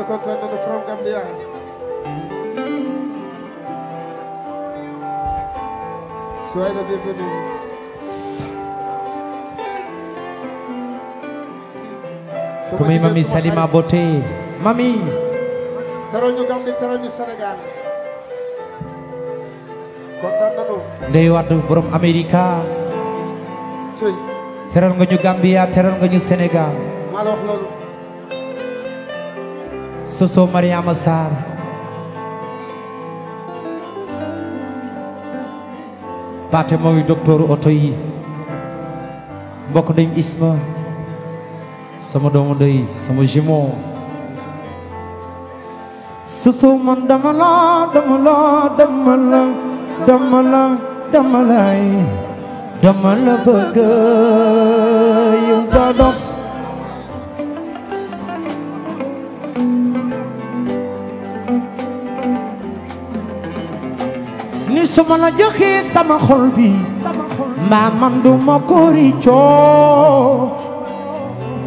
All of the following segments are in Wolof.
the continent from Gambia. Soyez le bienvenu. Kumi mami Salima Bote. Mami. Taronyo Gambia, taronyo Senegal. Kontan nanu. Dewi wadu brom Amerika. Cuy. Teron Gambia, Taronyo Senegal. Malah lalu. Soso Mariama Sarr paate mooy docteur oto yi mbokk dañ Isma sama doomu ndey sama jumeau Soso man dama la dama la dama la dama su ma la joxee sama xol bi mbaa du ma ko riccoo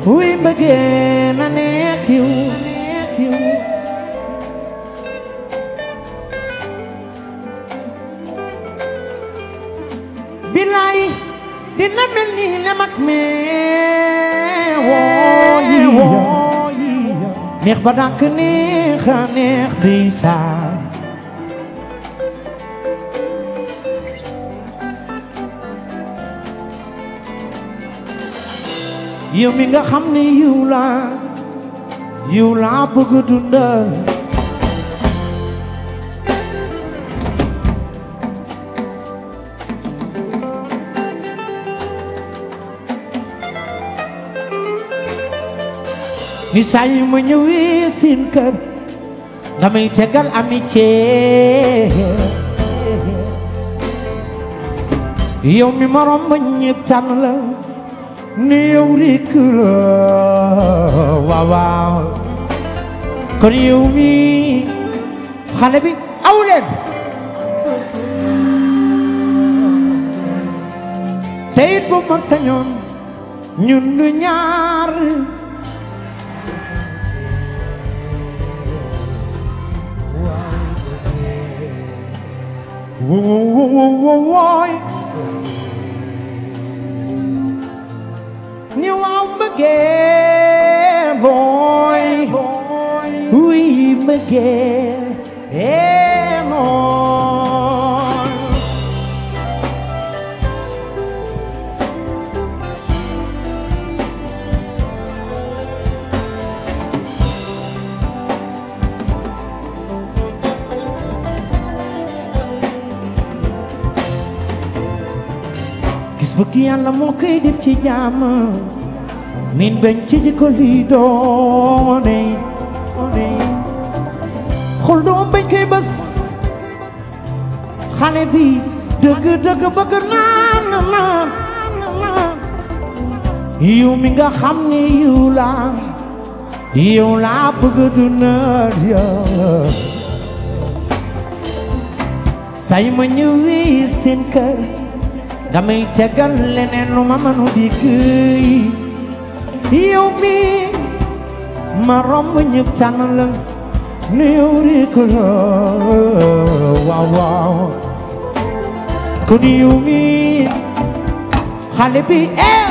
wuy mbëggee na neex yiw bilaay dina mel ni lem ak meewoo yi neex ba dànk neex a neex di yow mi nga xam ne yiw laa yiw laa bëgg dundal ni saa yi ma ñëwee seen kër nga may tegal amitié yow mi ma romb ñëpp tànn nếu đi cứ lờ vào vào có điều mi khá lấy biết áo lên tết bố mà xa New home again, Boy Ui mà Yeah bëgg yàlla moo koy def ci jaam nin bañ ci jikko lii doone xol doom bañ koy bës xale bi dëgg dëgg bëgg naan naan yow mi nga xam ni yow laa yow laa bëgg du naar ya say ma ñëwee seen kër damay tegal leneen lu ma mënu di këy yow ma romb ñëpp tànn la nuyu rek la waaw waaw xale bi ee eh!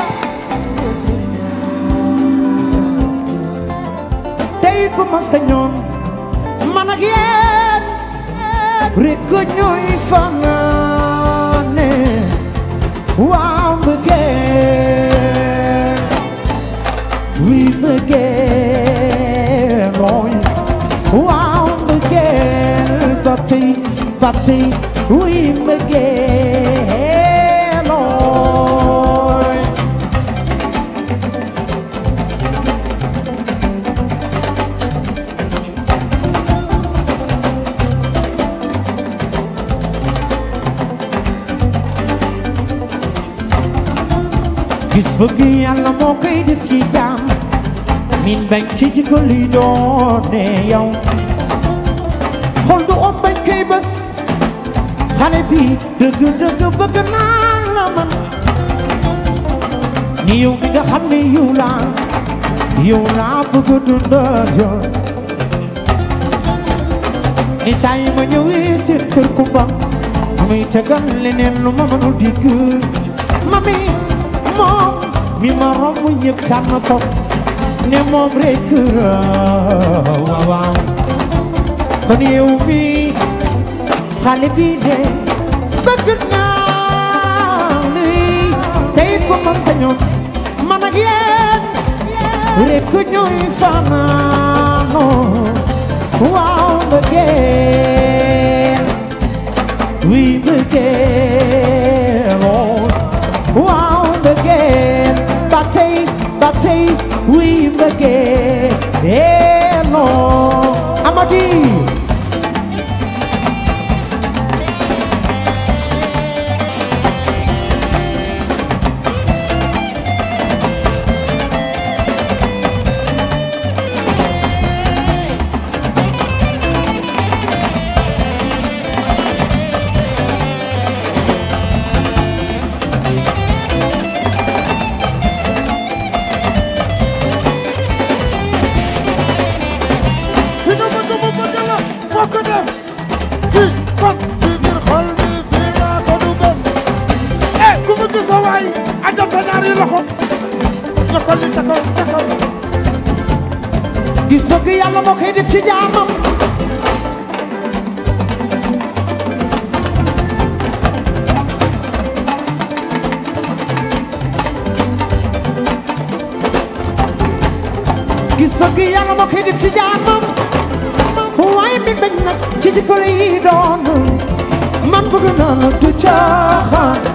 tey bu ma sañoon man ak yéen rek ñooy round again. We began, oh yeah, round again, but we, but we, we Vëgë yàlla moo koy def ci jaam min bañ ci jikko li doone yow xol du om bañ koy bés xale bi dëgg dëgg bëgg naa la man ni yow mi nga xam ne yow laa yow laa bëgg dundal yow ni saa yi ma ñëwee seen kër kumba muy tegal leneen lu ma mënul digg mami moom bimarok mo yek chan na tok ne mom re kura wa wa kon yu bi khali bi de bëgg naa li tey ko ma sañoon man ak yéen rek ñooy fanaanoo waaw bëggee oui bëggee moo koy def ci jaamam gis bëgg yàlla moo koy def ci jaamam waaye mi bañ nag ci jikko lay doon man bëgg naa du caaxaan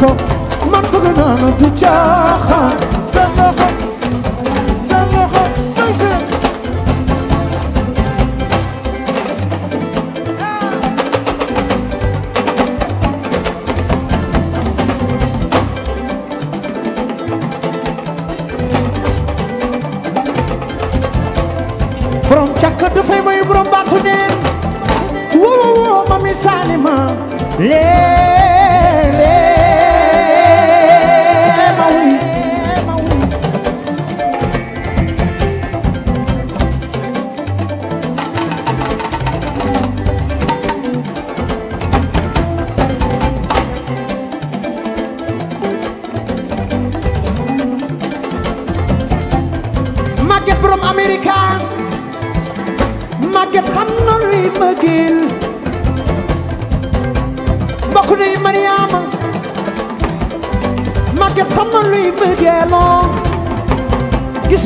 ko man bëgg naa la du caaxaan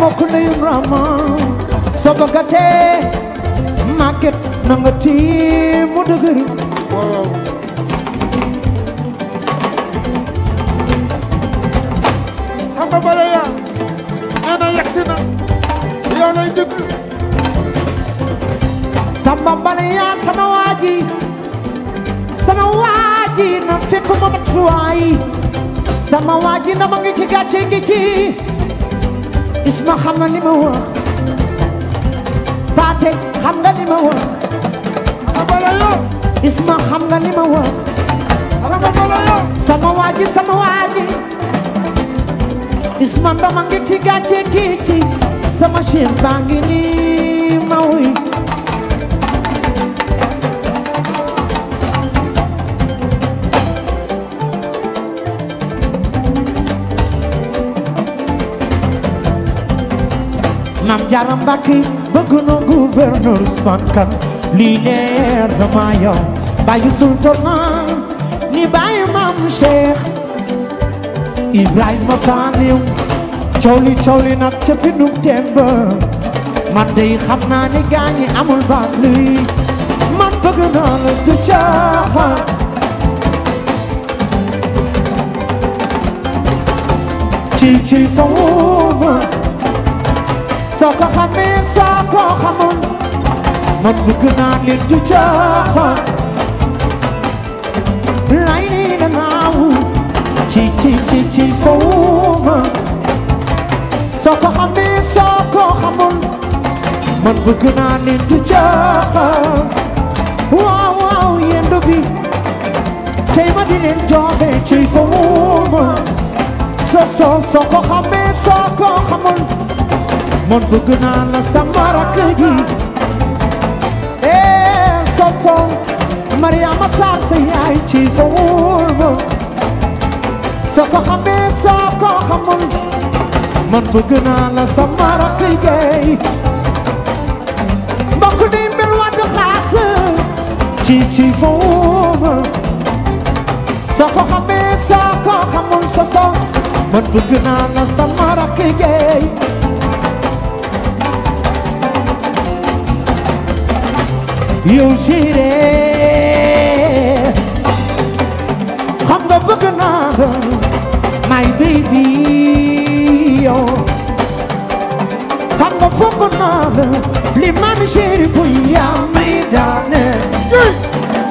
mokune rama sabagate market nangati muduguru samba balaya ana yaksina yow lay dug samba balaya sama waji sama waji na fekk ma sama waji na ma ngi ci gàcce ma xam na li ma wax Paate xam nga li ma wax abala yo Isma xam nga li ma wax abala yo sama waaji sama waaji Isma ndoma ngi ci gàcce kii ci sama chien baa ngi nii ma wuy maam jaara bëgg na gouverneur Ousmane Kane lii na ma yow bàyyi sultanaa ni bàyyi maam Cheikh Ibrahima Faaliw coow li coow li nag ca bindum teen ba man dey xam naa ni amul baat lii man bëgg naa la du caaxaan ci ci faw soo ko xamee soo ko xamul man bëgg naa leen di joxoon lay ni na naawu ci ci ci ci fawuma soo ko xamee soo ko xamul man bëgg naa leen di joxoon waaw waaw yendo bi tey ma di leen joxe ci fawuma soo soo ko xamee soo man bëgg naa la sama rakk ji ee eh, sosoon Mariama Sarr sa yaay ci fa wóor ma soo xamul man bëgg naa la sama rakk ji mbokk di mbel wadd xaas ci ci fa wóor ma soo xamul sosoon man bëgg naa la sama rakk ji yow chérie xam bëgg naa la my baby yow xam nga foog naa la li man yaa may daane jëy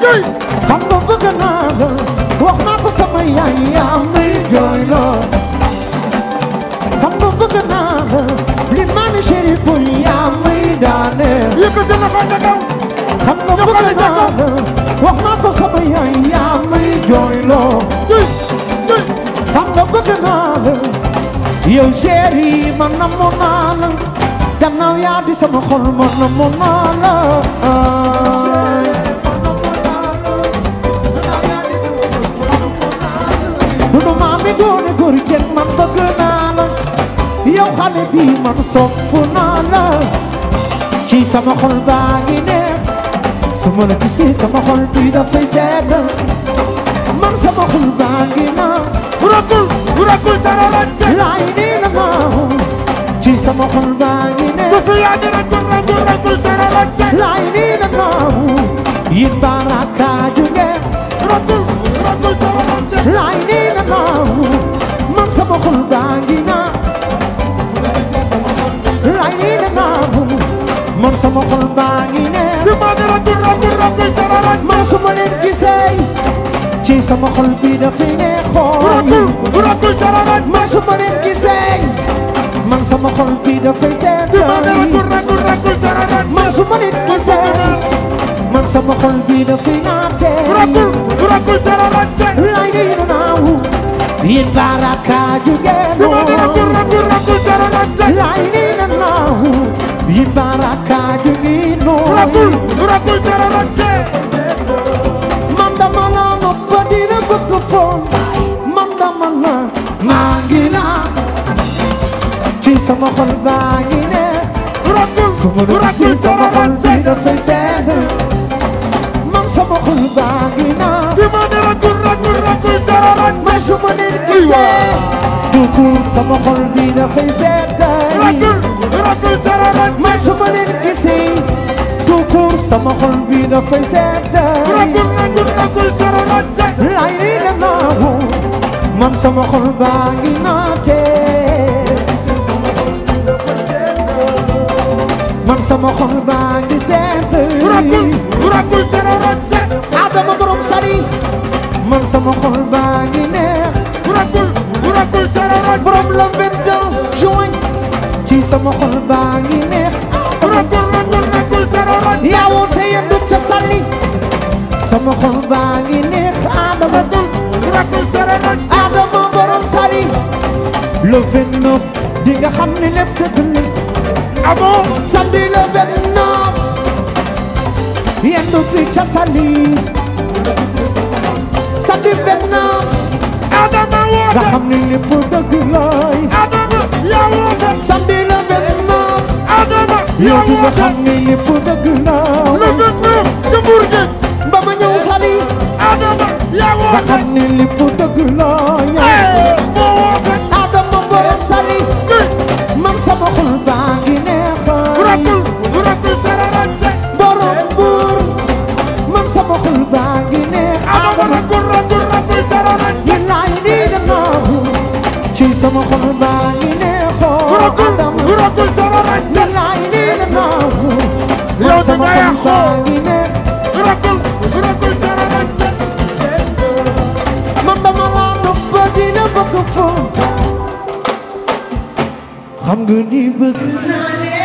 jëy xam bëgg naa wax naa ko sama yaa may jooy loo bëgg naa la li man chérie bu yaa may daane yëkkati na fa ca kaw bëgg naa la wax naa ko sama naa la yow chéri man na naa la gannaaw yaa di sama xol la dunu maa mi doone naa la ci sama xol baa ngi su ma la gisee sama xol bi dafay sedd man sama xol baa ngi naan burakul burakul sararan ci laay nii la ma ci sama xol baa ngi ne su fi yaa di rakul rakul rakul sararan ci laay nii la ma yit baraka juge rakul rakul sararan ci laay nii la ma man sama xol baa ngi naan laay nii la ma man sama xol baa ngi ne man su ma leen gisee ci sama xol bi dafay ne xool rakkul cararañ man su ma leen gisee man sama xol bi dafay seen man su ma leen gisee man sama xol bi dafay naate rakkul rakkul cararañ lay di naaw yéen baraka ju ngeen rasul rasul terorante man dama la nopp dina bëgg foon man dama la maa ngi na ci sama xol baa ngi ne rasul rasul terorante dafay sedd man sama xol baa ngi na dima ne rasul rasul rasul terorante ma suma nit gisee dugg sama xol bi dafay sedd rasul rasul terorante ma suma nit sama xol bi dafay seet. ragul ragul ragul soro la teg. lay la naawu man sama xol baa ngi naate. man sama xol baa ngi seet. ragul ragul soro la teg. Adama borom sari. man sama xol baa ngi neex. ragul ragul soro la teg. borom la vingt-deux juin. ci sama xol baa ngi neex. ragul ragul. gisul tororon yaw teyam du ca sànni sama xol baa ngi neex Adama Diouf rasul tororon Adama borom sali le 29 di nga xam ne lépp dëgg la ah bon samedi le 29 yendu bi ca sànni samedi 29 Adama woote nga xam ne lépp dëgg lay Adama yaa woote samedi le 29 Adama yaa woote te xam ni lépp dëgg la yaay Adama borom sari man sama xol baa ngi neex borom buur man sama xol baa ngi neex yilaay lii dama ci sama xol baa People could not